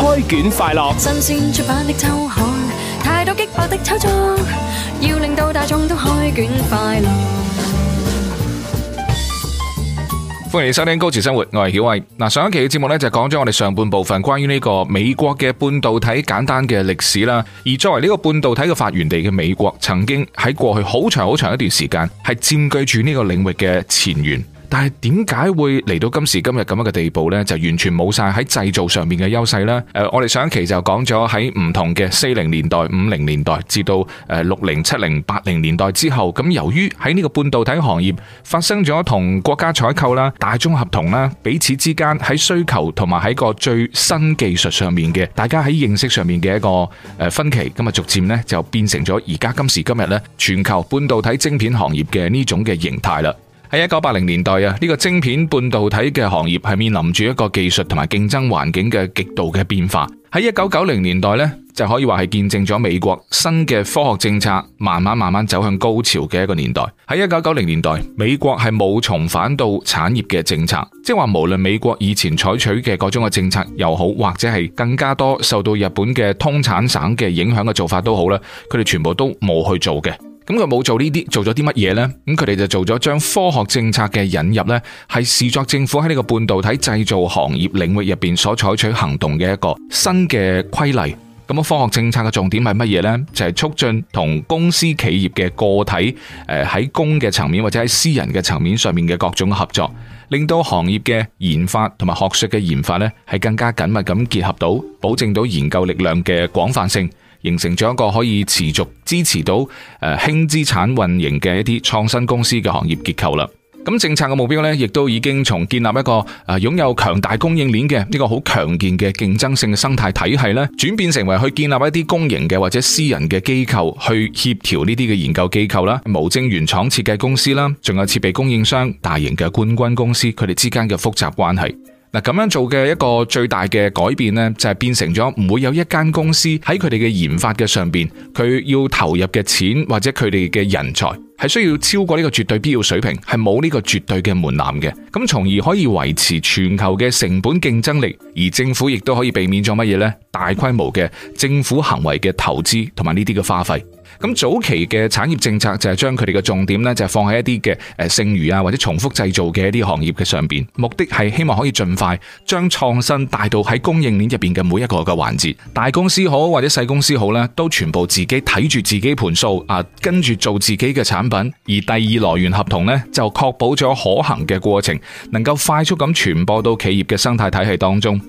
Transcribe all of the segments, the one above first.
開卷快樂！新鮮出版的周刊，太多激烈的炒作，要令到大眾都開卷快樂。歡迎收聽《高詞生活》，我係曉威。嗱，上一期嘅節目呢，就講咗我哋上半部分關於呢個美國嘅半導體簡單嘅歷史啦。而作為呢個半導體嘅發源地嘅美國，曾經喺過去好長好長一段時間係佔據住呢個領域嘅前沿。但係點解會嚟到今時今日咁樣嘅地步呢？就完全冇晒喺製造上面嘅優勢啦。誒、呃，我哋上一期就講咗喺唔同嘅四零年代、五零年代至到誒六零、七零、八零年代之後，咁由於喺呢個半導體行業發生咗同國家採購啦、大宗合同啦，彼此之間喺需求同埋喺個最新技術上面嘅，大家喺認識上面嘅一個誒分歧，咁、嗯、啊逐漸呢就變成咗而家今時今日咧全球半導體晶片行業嘅呢種嘅形態啦。喺一九八零年代啊，呢、這個晶片半導體嘅行業係面臨住一個技術同埋競爭環境嘅極度嘅變化。喺一九九零年代呢，就可以話係見證咗美國新嘅科學政策慢慢慢慢走向高潮嘅一個年代。喺一九九零年代，美國係冇重返到產業嘅政策，即係話無論美國以前採取嘅各種嘅政策又好，或者係更加多受到日本嘅通產省嘅影響嘅做法都好啦，佢哋全部都冇去做嘅。咁佢冇做呢啲，做咗啲乜嘢咧？咁佢哋就做咗將科學政策嘅引入咧，係視作政府喺呢個半導體製造行業領域入邊所採取行動嘅一個新嘅規例。咁科學政策嘅重點係乜嘢咧？就係促進同公司企業嘅個體誒喺公嘅層面或者喺私人嘅層面上面嘅各種合作，令到行業嘅研發同埋學術嘅研發咧係更加緊密咁結合到，保證到研究力量嘅廣泛性。形成咗一個可以持續支持到誒輕資產運營嘅一啲創新公司嘅行業結構啦。咁政策嘅目標呢，亦都已經從建立一個誒擁有強大供應鏈嘅呢個好強健嘅競爭性嘅生態體系咧，轉變成為去建立一啲公營嘅或者私人嘅機構去協調呢啲嘅研究機構啦、無晶圓廠設計公司啦，仲有設備供應商、大型嘅冠軍公司佢哋之間嘅複雜關係。嗱，咁樣做嘅一個最大嘅改變呢，就係變成咗唔會有一間公司喺佢哋嘅研發嘅上面。佢要投入嘅錢或者佢哋嘅人才係需要超過呢個絕對必要水平，係冇呢個絕對嘅門檻嘅，咁從而可以維持全球嘅成本競爭力，而政府亦都可以避免咗乜嘢呢？大規模嘅政府行為嘅投資同埋呢啲嘅花費。咁早期嘅產業政策就係將佢哋嘅重點咧，就係放喺一啲嘅誒剩餘啊或者重複製造嘅一啲行業嘅上邊，目的係希望可以盡快將創新帶到喺供應鏈入邊嘅每一個嘅環節，大公司好或者細公司好咧，都全部自己睇住自己盤數啊，跟住做自己嘅產品。而第二來源合同呢，就確保咗可行嘅過程，能夠快速咁傳播到企業嘅生態體系當中。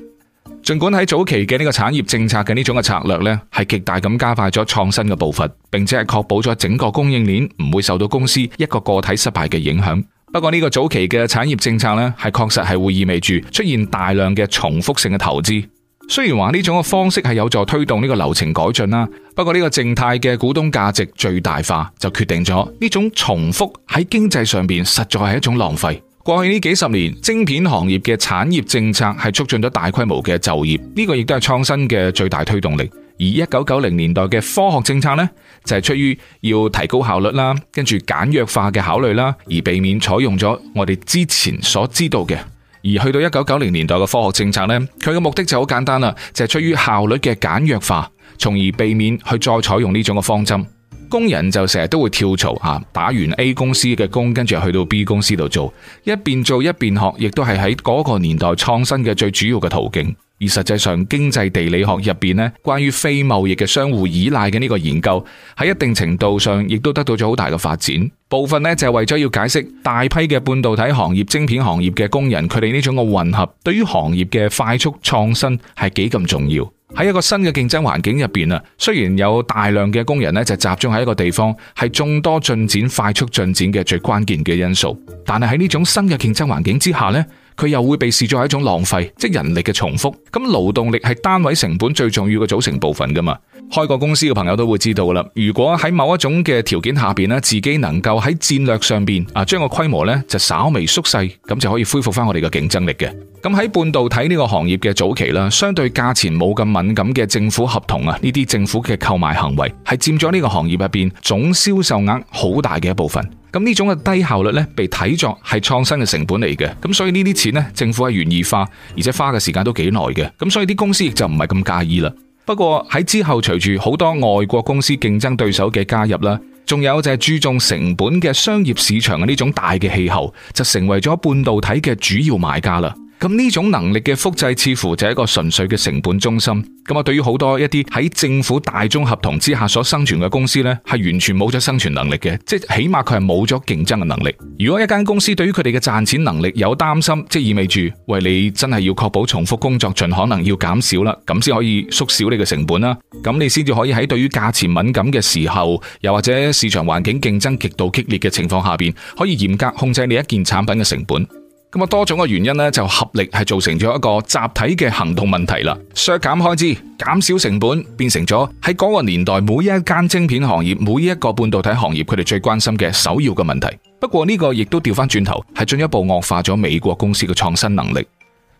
儘管喺早期嘅呢個產業政策嘅呢種嘅策略呢，係極大咁加快咗創新嘅步伐，並且係確保咗整個供應鏈唔會受到公司一個個體失敗嘅影響。不過呢個早期嘅產業政策呢，係確實係會意味住出現大量嘅重複性嘅投資。雖然話呢種嘅方式係有助推動呢個流程改進啦，不過呢個靜態嘅股東價值最大化就決定咗呢種重複喺經濟上邊實在係一種浪費。過去呢幾十年，晶片行業嘅產業政策係促進咗大規模嘅就業，呢個亦都係創新嘅最大推動力。而一九九零年代嘅科學政策呢，就係出於要提高效率啦，跟住簡約化嘅考慮啦，而避免採用咗我哋之前所知道嘅。而去到一九九零年代嘅科學政策呢，佢嘅目的就好簡單啦，就係出於效率嘅簡約化，從而避免去再採用呢種嘅方針。工人就成日都會跳槽啊！打完 A 公司嘅工，跟住去到 B 公司度做，一邊做一邊學，亦都係喺嗰個年代創新嘅最主要嘅途徑。而實際上，經濟地理學入邊呢，關於非貿易嘅相互依賴嘅呢個研究，喺一定程度上亦都得到咗好大嘅發展。部分呢，就係、是、為咗要解釋大批嘅半導體行業、晶片行業嘅工人，佢哋呢種嘅混合，對於行業嘅快速創新係幾咁重要。喺一個新嘅競爭環境入邊啊，雖然有大量嘅工人咧就集中喺一個地方，係眾多進展快速進展嘅最關鍵嘅因素。但係喺呢種新嘅競爭環境之下咧，佢又會被視作係一種浪費，即人力嘅重複。咁勞動力係單位成本最重要嘅組成部分噶嘛？開過公司嘅朋友都會知道噶啦。如果喺某一種嘅條件下邊咧，自己能夠喺戰略上邊啊，將個規模呢就稍微縮細，咁就可以恢復翻我哋嘅競爭力嘅。咁喺半導體呢個行業嘅早期啦，相對價錢冇咁敏感嘅政府合同啊，呢啲政府嘅購買行為係佔咗呢個行業入邊總銷售額好大嘅一部分。咁呢種嘅低效率呢，被睇作係創新嘅成本嚟嘅。咁所以呢啲錢呢，政府係願意花，而且花嘅時間都幾耐嘅。咁所以啲公司亦就唔係咁介意啦。不過喺之後，隨住好多外國公司競爭對手嘅加入啦，仲有就係注重成本嘅商業市場嘅呢種大嘅氣候，就成為咗半導體嘅主要買家啦。咁呢種能力嘅複製，似乎就係一個純粹嘅成本中心。咁啊，對於好多一啲喺政府大眾合同之下所生存嘅公司呢，係完全冇咗生存能力嘅，即係起碼佢係冇咗競爭嘅能力。如果一間公司對於佢哋嘅賺錢能力有擔心，即係意味住，喂，你真係要確保重複工作盡可能要減少啦，咁先可以縮小你嘅成本啦，咁你先至可以喺對於價錢敏感嘅時候，又或者市場環境競爭極度激烈嘅情況下邊，可以嚴格控制你一件產品嘅成本。咁啊，多種嘅原因咧，就合力係造成咗一個集體嘅行動問題啦。削減開支、減少成本，變成咗喺嗰個年代每一間晶片行業、每一個半導體行業，佢哋最關心嘅首要嘅問題。不過呢個亦都調翻轉頭，係進一步惡化咗美國公司嘅創新能力。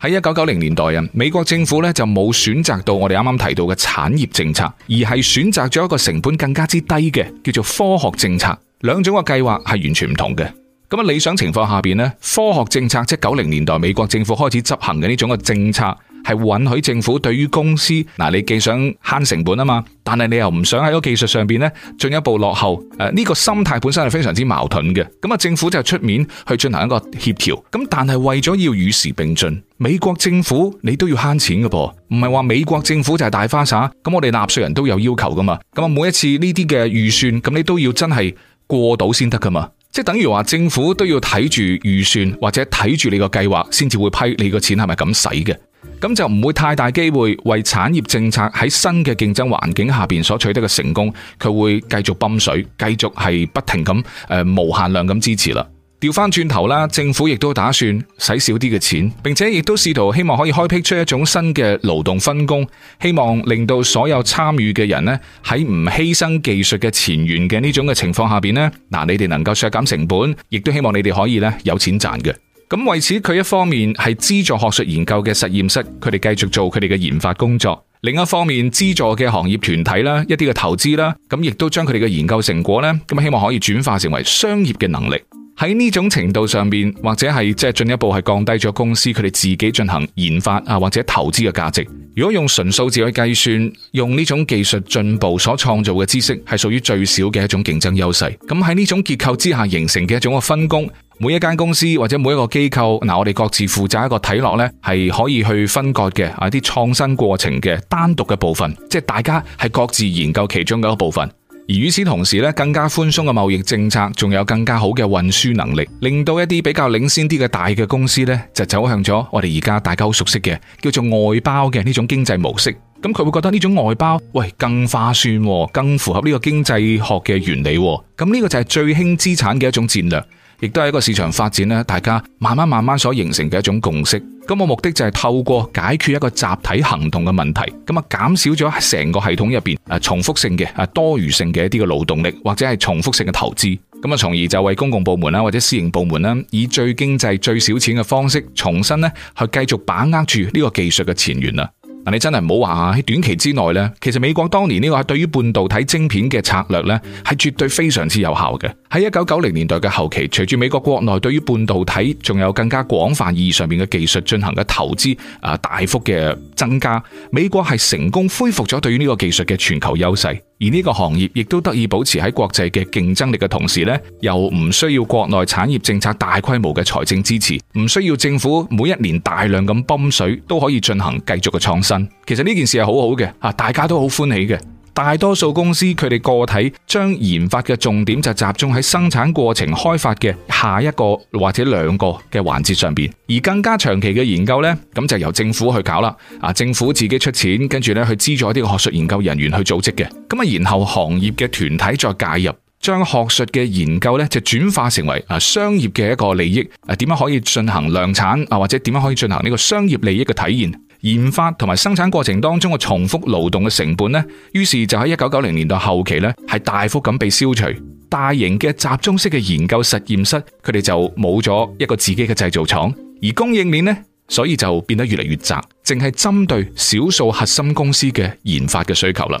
喺一九九零年代啊，美國政府咧就冇選擇到我哋啱啱提到嘅產業政策，而係選擇咗一個成本更加之低嘅叫做科學政策。兩種嘅計劃係完全唔同嘅。咁理想情況下邊呢，科學政策即九零年代美國政府開始執行嘅呢種嘅政策，係允許政府對於公司嗱，你既想慳成本啊嘛，但係你又唔想喺個技術上邊呢進一步落後。誒，呢個心態本身係非常之矛盾嘅。咁啊，政府就出面去進行一個協調。咁但係為咗要與時並進，美國政府你都要慳錢噶噃，唔係話美國政府就係大花灑。咁我哋納稅人都有要求噶嘛。咁啊，每一次呢啲嘅預算，咁你都要真係過到先得噶嘛。即等於話，政府都要睇住預算或者睇住你個計劃，先至會批你個錢係咪咁使嘅。咁就唔會太大機會為產業政策喺新嘅競爭環境下邊，所取得嘅成功，佢會繼續泵水，繼續係不停咁誒、呃，無限量咁支持啦。掉返轉頭啦，政府亦都打算使少啲嘅錢，並且亦都試圖希望可以開闢出一種新嘅勞動分工，希望令到所有參與嘅人呢，喺唔犧牲技術嘅前沿嘅呢種嘅情況下邊呢，嗱，你哋能夠削減成本，亦都希望你哋可以呢有錢賺嘅。咁為此，佢一方面係資助學術研究嘅實驗室，佢哋繼續做佢哋嘅研發工作；另一方面資助嘅行業團體啦，一啲嘅投資啦，咁亦都將佢哋嘅研究成果呢，咁希望可以轉化成為商業嘅能力。喺呢種程度上面，或者係即進一步係降低咗公司佢哋自己進行研發啊或者投資嘅價值。如果用純數字去計算，用呢種技術進步所創造嘅知識係屬於最少嘅一種競爭優勢。咁喺呢種結構之下形成嘅一種分工，每一間公司或者每一個機構嗱，我哋各自負責一個體落呢係可以去分割嘅一啲創新過程嘅單獨嘅部分，即係大家係各自研究其中嘅一個部分。而與此同時咧，更加寬鬆嘅貿易政策，仲有更加好嘅運輸能力，令到一啲比較領先啲嘅大嘅公司呢，就走向咗我哋而家大家好熟悉嘅叫做外包嘅呢種經濟模式。咁佢會覺得呢種外包，喂，更划算，更符合呢個經濟學嘅原理。咁呢個就係最輕資產嘅一種戰略。亦都係一個市場發展咧，大家慢慢慢慢所形成嘅一種共識。咁我目的就係透過解決一個集體行動嘅問題，咁啊，減少咗成個系統入邊誒重複性嘅、誒多餘性嘅一啲嘅勞動力或者係重複性嘅投資，咁啊，從而就為公共部門啦或者私營部門啦，以最經濟最少錢嘅方式，重新咧去繼續把握住呢個技術嘅前沿啦。你真係唔好話喺短期之內呢。其實美國當年呢個對於半導體晶片嘅策略呢，係絕對非常之有效嘅。喺一九九零年代嘅後期，隨住美國國內對於半導體仲有更加廣泛意義上面嘅技術進行嘅投資，啊，大幅嘅增加，美國係成功恢復咗對於呢個技術嘅全球優勢。而呢個行業亦都得以保持喺國際嘅競爭力嘅同時呢，又唔需要國內產業政策大規模嘅財政支持，唔需要政府每一年大量咁泵水都可以進行繼續嘅創新。其實呢件事係好好嘅，大家都好歡喜嘅。大多數公司佢哋個體將研發嘅重點就集中喺生產過程開發嘅下一個或者兩個嘅環節上邊，而更加長期嘅研究呢，咁就由政府去搞啦。啊，政府自己出錢，跟住呢去資助一啲學術研究人員去組織嘅。咁啊，然後行業嘅團體再介入，將學術嘅研究呢就轉化成為啊商業嘅一個利益。啊，點樣可以進行量產啊，或者點樣可以進行呢個商業利益嘅體現？研發同埋生產過程當中嘅重複勞動嘅成本咧，於是就喺一九九零年代後期咧，係大幅咁被消除。大型嘅集中式嘅研究實驗室，佢哋就冇咗一個自己嘅製造廠，而供應鏈呢，所以就變得越嚟越窄，淨係針對少數核心公司嘅研發嘅需求啦。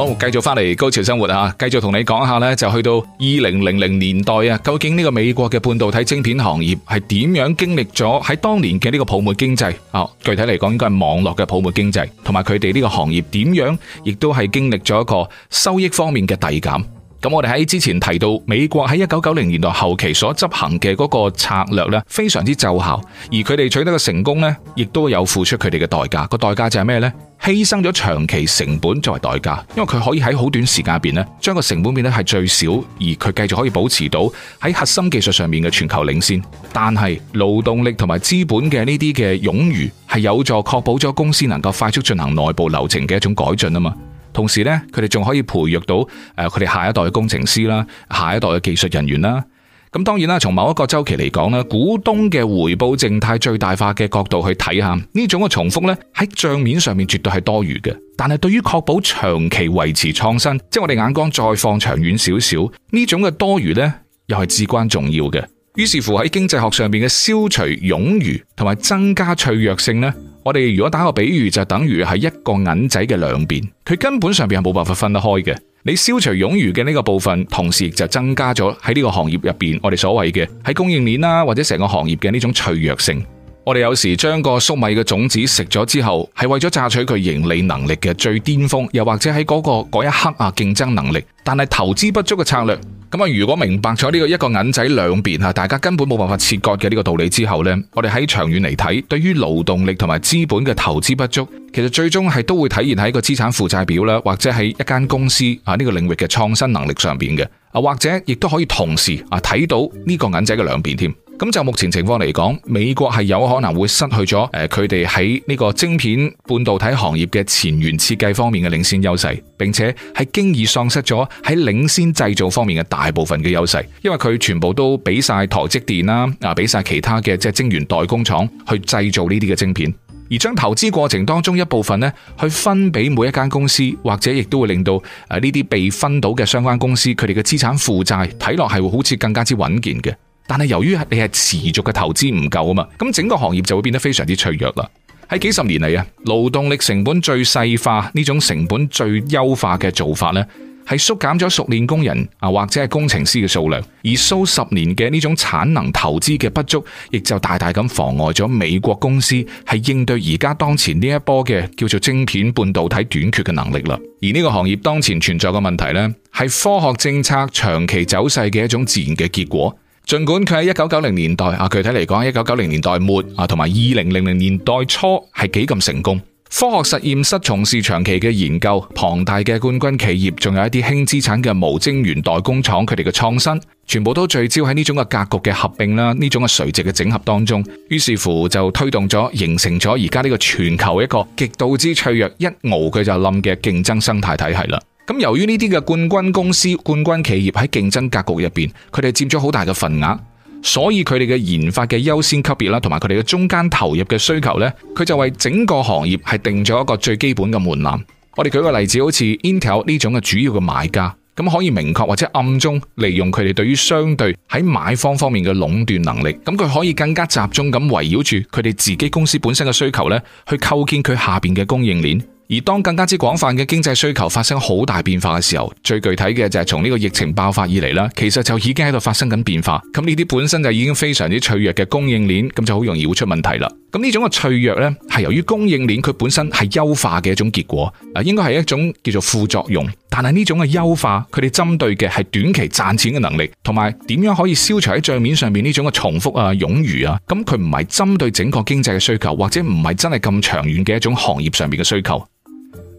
好，繼續翻嚟高潮生活啊！繼續同你講一下呢，就去到二零零零年代啊，究竟呢個美國嘅半導體晶片行業係點樣經歷咗喺當年嘅呢個泡沫經濟啊、哦？具體嚟講，應該係網絡嘅泡沫經濟，同埋佢哋呢個行業點樣，亦都係經歷咗一個收益方面嘅遞減。咁我哋喺之前提到，美國喺一九九零年代後期所執行嘅嗰個策略呢，非常之奏效，而佢哋取得嘅成功呢，亦都有付出佢哋嘅代價。個代價就係咩呢？犧牲咗長期成本作為代價，因為佢可以喺好短時間入邊咧，將個成本變得係最少，而佢繼續可以保持到喺核心技術上面嘅全球領先。但係勞動力同埋資本嘅呢啲嘅冗餘，係有助確保咗公司能夠快速進行內部流程嘅一種改進啊嘛。同時呢，佢哋仲可以培育到誒佢哋下一代嘅工程師啦，下一代嘅技術人員啦。咁當然啦，從某一個周期嚟講，呢股東嘅回報靜態最大化嘅角度去睇下，呢種嘅重複呢喺帳面上面絕對係多餘嘅。但係對於確保長期維持創新，即係我哋眼光再放長遠少少，呢種嘅多餘呢又係至關重要嘅。於是乎喺經濟學上面嘅消除冗餘同埋增加脆弱性呢。我哋如果打個比喻，就等於係一個銀仔嘅兩邊，佢根本上邊係冇辦法分得開嘅。你消除冗餘嘅呢個部分，同時就增加咗喺呢個行業入邊，我哋所謂嘅喺供應鏈啦，或者成個行業嘅呢種脆弱性。我哋有時將個粟米嘅種子食咗之後，係爲咗榨取佢盈利能力嘅最巔峰，又或者喺嗰、嗰個嗰一刻啊競爭能力，但係投資不足嘅策略。咁啊！如果明白咗呢個一個銀仔兩邊吓，大家根本冇辦法切割嘅呢個道理之後呢，我哋喺長遠嚟睇，對於勞動力同埋資本嘅投資不足，其實最終係都會體現喺個資產負債表啦，或者喺一間公司啊呢個領域嘅創新能力上面嘅啊，或者亦都可以同時啊睇到呢個銀仔嘅兩邊添。咁就目前情況嚟講，美國係有可能會失去咗誒佢哋喺呢個晶片半導體行業嘅前沿設計方面嘅領先優勢，並且係經已喪失咗喺領先製造方面嘅大部分嘅優勢，因為佢全部都畀晒台積電啦，啊畀晒其他嘅即係晶圓代工廠去製造呢啲嘅晶片，而將投資過程當中一部分呢去分俾每一間公司，或者亦都會令到誒呢啲被分到嘅相關公司佢哋嘅資產負債睇落係會好似更加之穩健嘅。但係，由於你係持續嘅投資唔夠啊嘛，咁整個行業就會變得非常之脆弱啦。喺幾十年嚟啊，勞動力成本最細化呢種成本最優化嘅做法呢，係縮減咗熟練工人啊或者係工程師嘅數量。而數十年嘅呢種產能投資嘅不足，亦就大大咁妨礙咗美國公司係應對而家當前呢一波嘅叫做晶片半導體短缺嘅能力啦。而呢個行業當前存在嘅問題呢，係科學政策長期走勢嘅一種自然嘅結果。儘管佢喺一九九零年代啊，具體嚟講一九九零年代末啊，同埋二零零零年代初係幾咁成功。科學實驗室從事長期嘅研究，龐大嘅冠軍企業，仲有一啲輕資產嘅無晶圓代工廠，佢哋嘅創新，全部都聚焦喺呢種格局嘅合併啦，呢種垂直嘅整合當中，於是乎就推動咗，形成咗而家呢個全球一個極度之脆弱，一熬佢就冧嘅競爭生態體系啦。咁由於呢啲嘅冠軍公司、冠軍企業喺競爭格局入邊，佢哋佔咗好大嘅份額，所以佢哋嘅研發嘅優先級別啦，同埋佢哋嘅中間投入嘅需求呢，佢就為整個行業係定咗一個最基本嘅門檻。我哋舉個例子，好似 Intel 呢種嘅主要嘅買家，咁可以明確或者暗中利用佢哋對於相對喺買方方面嘅壟斷能力，咁佢可以更加集中咁圍繞住佢哋自己公司本身嘅需求呢，去構建佢下邊嘅供應鏈。而當更加之廣泛嘅經濟需求發生好大變化嘅時候，最具體嘅就係從呢個疫情爆發以嚟啦，其實就已經喺度發生緊變化。咁呢啲本身就已經非常之脆弱嘅供應鏈，咁就好容易會出問題啦。咁呢種嘅脆弱咧，係由於供應鏈佢本身係優化嘅一種結果，啊，應該係一種叫做副作用。但係呢種嘅優化，佢哋針對嘅係短期賺錢嘅能力，同埋點樣可以消除喺賬面上面呢種嘅重複啊、冗餘啊。咁佢唔係針對整個經濟嘅需求，或者唔係真係咁長遠嘅一種行業上面嘅需求。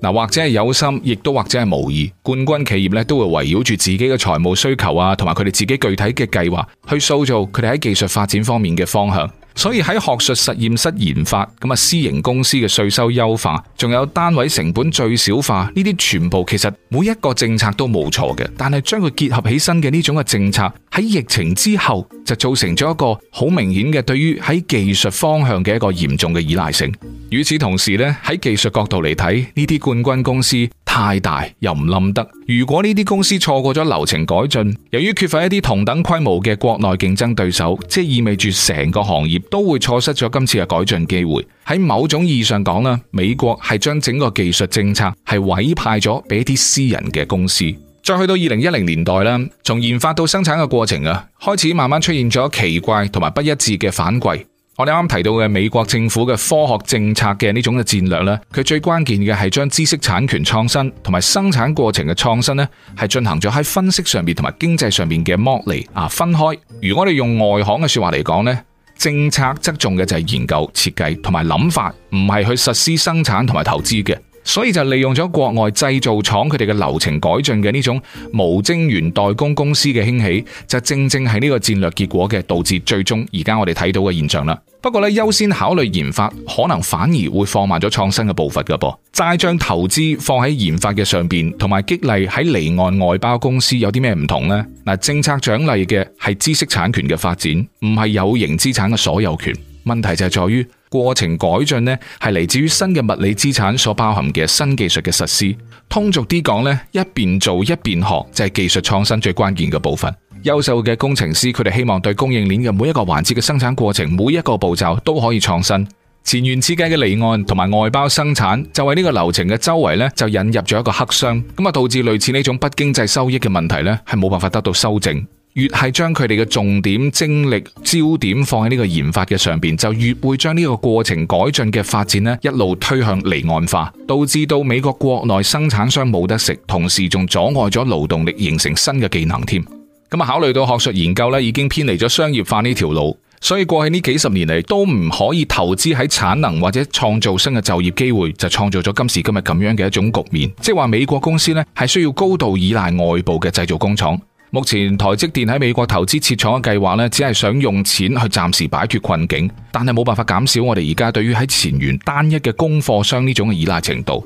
或者係有心，亦都或者係無意，冠軍企業咧都會圍繞住自己嘅財務需求啊，同埋佢哋自己具體嘅計劃去塑造佢哋喺技術發展方面嘅方向。所以喺學術實驗室研發，咁啊私營公司嘅稅收優化，仲有單位成本最小化呢啲，全部其實每一個政策都冇錯嘅。但係將佢結合起身嘅呢種嘅政策，喺疫情之後就造成咗一個好明顯嘅對於喺技術方向嘅一個嚴重嘅依賴性。與此同時咧，喺技術角度嚟睇，呢啲冠軍公司太大又唔冧得。如果呢啲公司錯過咗流程改進，由於缺乏一啲同等規模嘅國內競爭對手，即係意味住成個行業。都會錯失咗今次嘅改進機會。喺某種意義上講呢，美國係將整個技術政策係委派咗俾啲私人嘅公司。再去到二零一零年代啦，從研發到生產嘅過程啊，開始慢慢出現咗奇怪同埋不一致嘅反饋。我哋啱啱提到嘅美國政府嘅科學政策嘅呢種嘅戰略啦，佢最關鍵嘅係將知識產權創新同埋生產過程嘅創新咧，係進行咗喺分析上面同埋經濟上面嘅剝離啊分開。如果我哋用外行嘅說話嚟講咧，政策側重嘅就係研究、設計同埋諗法，唔係去實施生產同埋投資嘅。所以就利用咗國外製造廠佢哋嘅流程改進嘅呢種無晶圓代工公司嘅興起，就正正係呢個戰略結果嘅導致最終而家我哋睇到嘅現象啦。不過咧，優先考慮研發可能反而會放慢咗創新嘅步伐噶噃。債賬投資放喺研發嘅上邊，同埋激勵喺離岸外包公司有啲咩唔同咧？嗱，政策獎勵嘅係知識產權嘅發展，唔係有形資產嘅所有權。問題就係在於。過程改進呢，係嚟自於新嘅物理資產所包含嘅新技術嘅實施。通俗啲講呢，一邊做一邊學就係、是、技術創新最關鍵嘅部分。優秀嘅工程師佢哋希望對供應鏈嘅每一個環節嘅生產過程，每一個步驟都可以創新。前沿設計嘅離岸同埋外包生產就喺呢個流程嘅周圍呢，就引入咗一個黑箱，咁啊導致類似呢種不經濟收益嘅問題呢，係冇辦法得到修正。越係將佢哋嘅重點、精力、焦點放喺呢個研發嘅上邊，就越會將呢個過程改進嘅發展咧，一路推向離岸化，導致到美國國內生產商冇得食，同時仲阻礙咗勞動力形成新嘅技能添。咁啊，考慮到學術研究咧已經偏離咗商業化呢條路，所以過去呢幾十年嚟都唔可以投資喺產能或者創造新嘅就業機會，就創造咗今時今日咁樣嘅一種局面。即係話美國公司咧係需要高度依賴外部嘅製造工廠。目前台積電喺美國投資設廠嘅計劃咧，只係想用錢去暫時擺脫困境，但係冇辦法減少我哋而家對於喺前沿單一嘅供貨商呢種嘅依賴程度。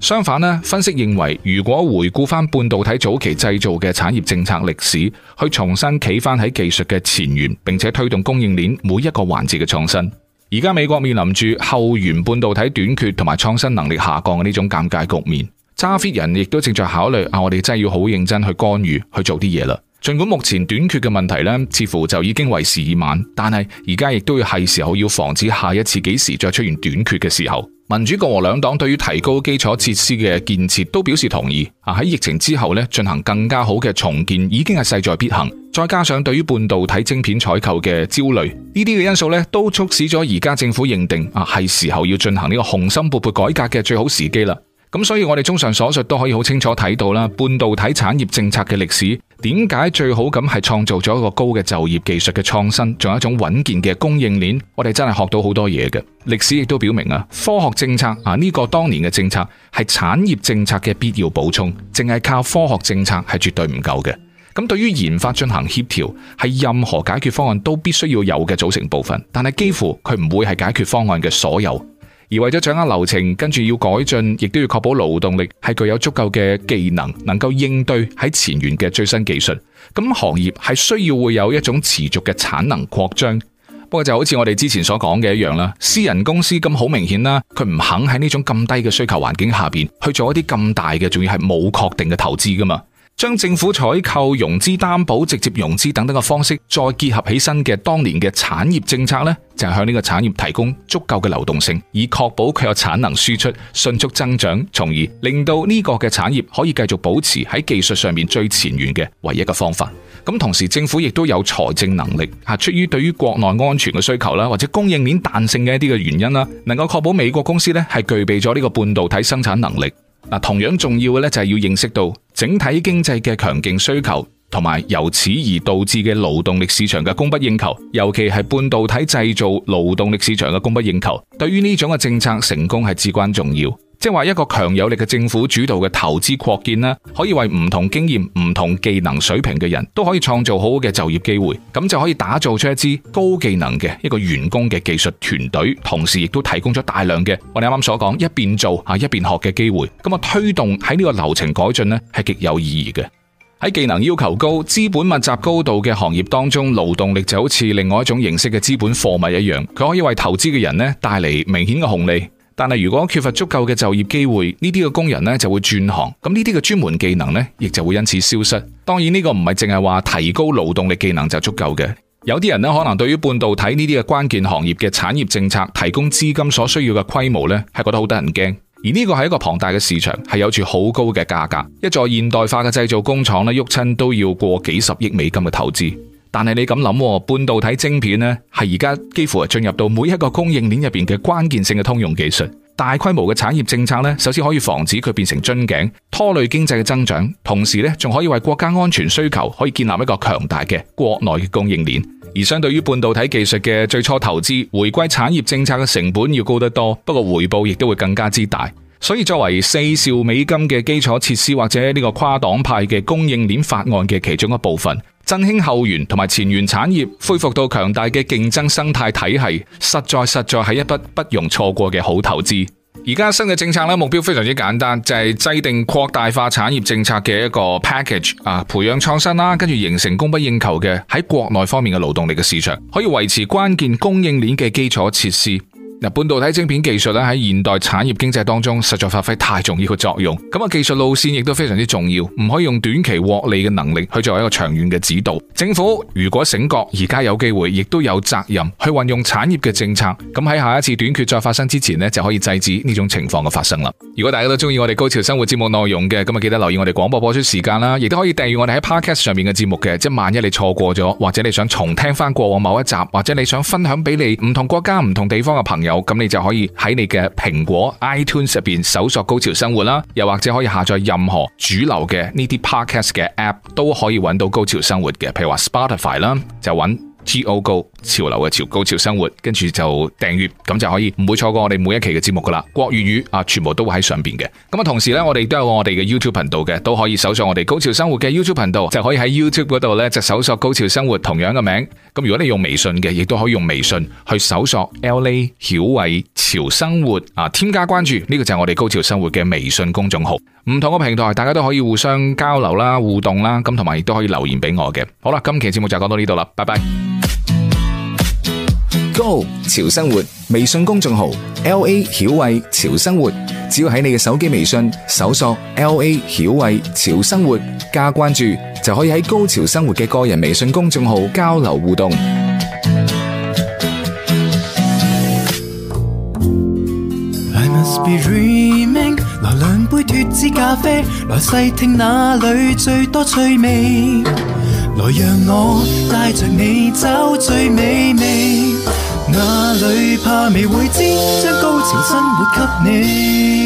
相反咧，分析認為，如果回顧翻半導體早期製造嘅產業政策歷史，去重新企翻喺技術嘅前沿，並且推動供應鏈每一個環節嘅創新。而家美國面臨住後緣半導體短缺同埋創新能力下降嘅呢種尷尬局面。揸 fit 人亦都正在考慮啊！我哋真係要好認真去干預去做啲嘢啦。儘管目前短缺嘅問題呢，似乎就已經為時已晚，但係而家亦都要係時候要防止下一次幾時再出現短缺嘅時候。民主共和兩黨對於提高基礎設施嘅建設都表示同意啊！喺疫情之後呢，進行更加好嘅重建已經係勢在必行。再加上對於半導體晶片採購嘅焦慮呢啲嘅因素呢，都促使咗而家政府認定啊係時候要進行呢個雄心勃勃改革嘅最好時機啦。咁所以我哋綜上所述都可以好清楚睇到啦，半導體產業政策嘅歷史點解最好咁係創造咗一個高嘅就業、技術嘅創新，仲有一種穩健嘅供應鏈。我哋真係學到好多嘢嘅歷史，亦都表明啊，科學政策啊呢個當年嘅政策係產業政策嘅必要補充，淨係靠科學政策係絕對唔夠嘅。咁對於研發進行協調，係任何解決方案都必須要有嘅組成部分，但係幾乎佢唔會係解決方案嘅所有。而為咗掌握流程，跟住要改進，亦都要確保勞動力係具有足夠嘅技能，能夠應對喺前沿嘅最新技術。咁行業係需要會有一種持續嘅產能擴張。不過就好似我哋之前所講嘅一樣啦，私人公司咁好明顯啦，佢唔肯喺呢種咁低嘅需求環境下邊去做一啲咁大嘅，仲要係冇確定嘅投資㗎嘛。將政府採購、融資擔保、直接融資等等嘅方式再結合起身嘅當年嘅產業政策呢就係、是、向呢個產業提供足夠嘅流動性，以確保佢有產能輸出、迅速增長，從而令到呢個嘅產業可以繼續保持喺技術上面最前沿嘅唯一嘅方法。咁同時，政府亦都有財政能力吓，出於對於國內安全嘅需求啦，或者供應鏈彈性嘅一啲嘅原因啦，能夠確保美國公司呢係具備咗呢個半導體生產能力。嗱，同樣重要嘅呢，就係要認識到。整體經濟嘅強勁需求，同埋由此而導致嘅勞動力市場嘅供不應求，尤其係半導體製造勞動力市場嘅供不應求，對於呢種嘅政策成功係至關重要。即係話一個強有力嘅政府主導嘅投資擴建啦，可以為唔同經驗、唔同技能水平嘅人都可以創造好嘅就業機會，咁就可以打造出一支高技能嘅一個員工嘅技術團隊，同時亦都提供咗大量嘅我哋啱啱所講一邊做啊一邊學嘅機會，咁啊推動喺呢個流程改進呢係極有意義嘅。喺技能要求高、資本密集高度嘅行業當中，勞動力就好似另外一種形式嘅資本貨物一樣，佢可以為投資嘅人呢帶嚟明顯嘅紅利。但係如果缺乏足夠嘅就業機會，呢啲嘅工人咧就會轉行，咁呢啲嘅專門技能咧亦就會因此消失。當然呢個唔係淨係話提高勞動力技能就足夠嘅。有啲人咧可能對於半導體呢啲嘅關鍵行業嘅產業政策提供資金所需要嘅規模咧係覺得好得人驚，而呢個係一個龐大嘅市場，係有住好高嘅價格，一座現代化嘅製造工廠咧，喐親都要過幾十億美金嘅投資。但係你咁諗，半導體晶片呢係而家幾乎係進入到每一個供應鏈入邊嘅關鍵性嘅通用技術，大規模嘅產業政策呢，首先可以防止佢變成樽頸，拖累經濟嘅增長，同時呢，仲可以為國家安全需求可以建立一個強大嘅國內嘅供應鏈。而相對於半導體技術嘅最初投資，回歸產業政策嘅成本要高得多，不過回報亦都會更加之大。所以作為四兆美金嘅基礎設施或者呢個跨黨派嘅供應鏈法案嘅其中一部分。振興後援同埋前沿產業，恢復到強大嘅競爭生態體系，實在實在係一筆不容錯過嘅好投資。而家新嘅政策咧，目標非常之簡單，就係、是、制定擴大化產業政策嘅一個 package 啊，培養創新啦，跟住形成供不應求嘅喺國內方面嘅勞動力嘅市場，可以維持關鍵供應鏈嘅基礎設施。嗱，半導體晶片技術咧，喺現代產業經濟當中實在發揮太重要嘅作用。咁啊，技術路線亦都非常之重要，唔可以用短期獲利嘅能力去做一個長遠嘅指導。政府如果醒覺，而家有機會，亦都有責任去運用產業嘅政策。咁喺下一次短缺再發生之前咧，就可以制止呢種情況嘅發生啦。如果大家都中意我哋《高潮生活》節目內容嘅，咁啊，記得留意我哋廣播播出時間啦，亦都可以訂閱我哋喺 Podcast 上面嘅節目嘅，即係萬一你錯過咗，或者你想重聽翻過往某一集，或者你想分享俾你唔同國家、唔同地方嘅朋友。有咁，你就可以喺你嘅蘋果 iTunes 入邊搜索高潮生活啦，又或者可以下載任何主流嘅呢啲 podcast 嘅 app 都可以揾到高潮生活嘅，譬如話 Spotify 啦，就揾 Go Go。潮流嘅潮高潮生活，跟住就訂閱，咁就可以，唔會錯過我哋每一期嘅節目噶啦。國粵語啊，全部都會喺上邊嘅。咁啊，同時呢，我哋都有我哋嘅 YouTube 頻道嘅，都可以搜索我哋高潮生活嘅 YouTube 頻道，就可以喺 YouTube 嗰度呢，就搜索高潮生活同樣嘅名。咁如果你用微信嘅，亦都可以用微信去搜索 LA 曉偉潮生活啊，添加關注，呢個就係我哋高潮生活嘅微信公眾號。唔同嘅平台，大家都可以互相交流啦、互動啦，咁同埋亦都可以留言俾我嘅。好啦，今期節目就講到呢度啦，拜拜。Go 潮生活微信公眾號 L A 曉慧潮生活，只要喺你嘅手機微信搜索 L A 曉慧潮生活加關注，就可以喺高潮生活嘅個人微信公眾號交流互動。來兩杯脫脂咖啡，來細聽哪裏最多趣味，來讓我帶着你走最美味，哪裏怕未會知，將高潮生活給你。